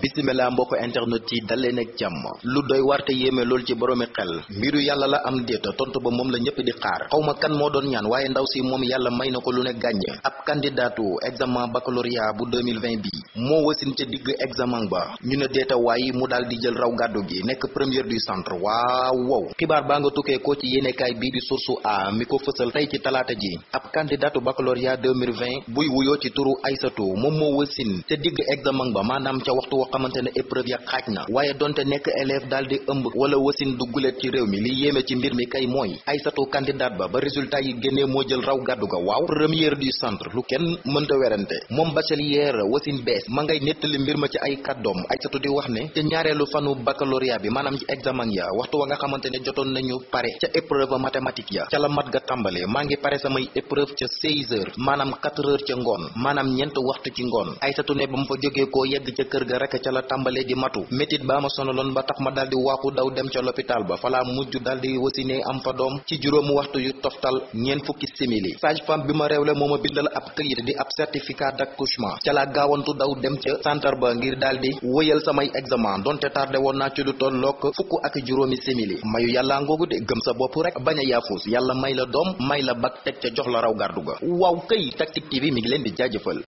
bisimila mbokk internet yi daleen ak jàmm lu doy warte yéeme lool ci boroomi xel mbiru yàlla la am déeta tontu ba moom la ñëpp di xaar xawma kan moo doon ñaan waaye ndaw si moom yàlla may na ko lu ne gàññ ab candidaatu examen baccalauréat bu bi moo wasin ca digg examen ba ñu ne déeta waaye mu daal di jël raw gàddu gi nekk première du centre waaw wow xibaar baa nga tukkee ko ci yéenekaay bii di source a mi ko fësal tey ci talaata ji ab candidaatu baccalauréat 2020 buy wuyoo ci turu Aysatu moom moo wasin ca digg examen xamante ne épreuve ya xaaj na waaye donte nekk élève daal di ëmb wala wasin du gulet ci réew mi li yéeme ci mbir mi kay mooy Aysatu candidat ba ba résultat yi génnee moo jël raw gàddu ga waaw première du centre lu kenn mënta werante moom ba bachelier wasin bees ma ngay nettali mbir ma ci ay kàddoom Aysatu di wax ne ca ñaareelu fanu baccalauréat bi maanaam ci examen ya waxtu wa nga xamante ne jotoon nañu pare ca épreuve mathématique ya ca la mat tàmbale maa ngi pare samay épreuve maanaam quatre ca ngoon maanaam ñeent waxtu ci ngoon Aysatu ne ba mu fa jógee kër ga rek ca la tàmbalee di matu métit ba ma sonaloon ba tax ma daldi waaxu daw dem ca l'hôpital ba falaa mujj daldi wasine am fa doom ci juróomi waxtu yu toftal ñeen fukki simili sage-femme bi ma réewle moo ma bindal ab këyit di ab ak d'accouchement ca la gaawantu daw dem ca centre ba ngir daldi wëyal samay examen donte tardé woon naa ci lu tollook fukk ak juróomi simili mayu yàlla ngoogu de gëm sa bopp rek bañ a yaafuus yàlla may la doom may la bak teg ca jox la raw gardu ga waaw kay Tactic ngi leen di jaajëfal